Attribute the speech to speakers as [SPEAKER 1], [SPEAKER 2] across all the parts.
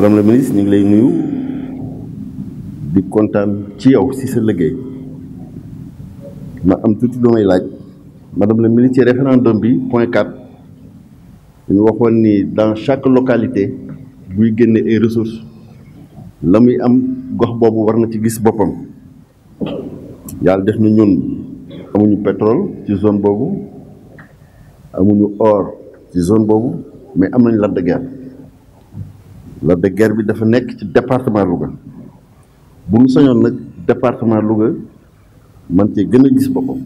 [SPEAKER 1] madame la ministre nous sommes lay nuyu di kontaan ci yow si sa liggéey ma am tuuti laaj madame la ministre ci référendum bi point 4 dañu waxoon ni dans chaque localité vous génne des ressources la muy am gox boobu war na ci gis bopam yàlla def na ñun amuñu pétrole ci zone bobu amuñu or ci zone bobu mais am nañ de guerre la de Guiers bi dafa nekk ci département Louga bu mu sañoon nag département Louga man cee gën a gis boppam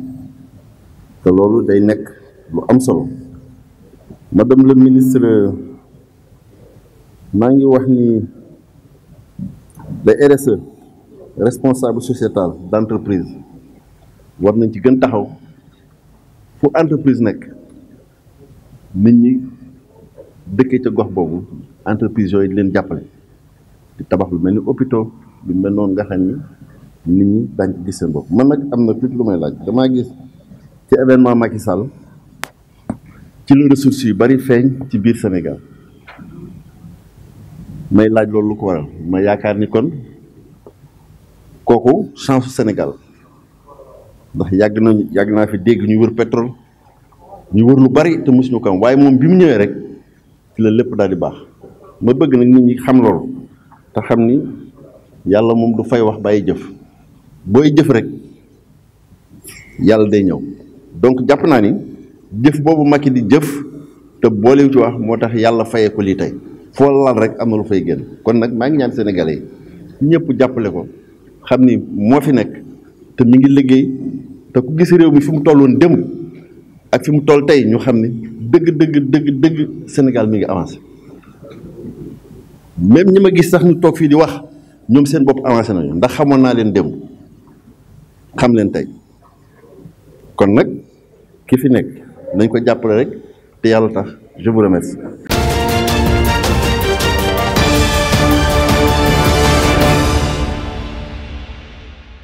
[SPEAKER 1] te loolu day nekk lu am solo madame le ministre maa ngi wax ni les RSE responsable sociétal d'entreprise war nañ ci gën taxaw fu entreprise nekk nit ñi dëkkee ca gox boobu entreprise yooyu di leen jàppale di tabax lu mel ni hôpitaux lu mel noonu nga xam ni nit ñi daañu gis seen bopp man nag am na tut lu may laaj damaa gis ci événement Macky Sall ci la ressources yu bari feeñ ci biir Sénégal may laaj loolu lu ko waral ma yaakaar ni kon kooku chance Sénégal ndax yàgg na yàgg naa fi dégg ñu wër pétrole ñu wër lu bari te mosuñu ko am waaye moom bi mu ñëwee rek ci la lépp daal di baax. ma bëgg nag nit ñi xam loolu te xam ni yàlla moom du fay wax bàyyi jëf booy jëf rek yàlla day ñëw donc jàpp naa ni jëf boobu mag Macky di jëf te boolewu ci wax moo tax yàlla fayee ko lii tey foo laal rek am na lu fay génn kon nag maa ngi ñaan sénégalais yi ñëpp jàppale ko xam ni moo fi nekk te mu ngi liggéey te ku gis réew mi fi mu tolloon démb ak fi mu toll tey ñu xam ni dëgg dëgg dëgg dëgg Sénégal mi ngi avancé même ñi ma gis sax ñu toog fii di wax ñoom seen bopp avancé nañu ndax xamoon naa leen dem xam leen tey kon nag ki fi nekk nañ ko jàppale rek te yàlla tax je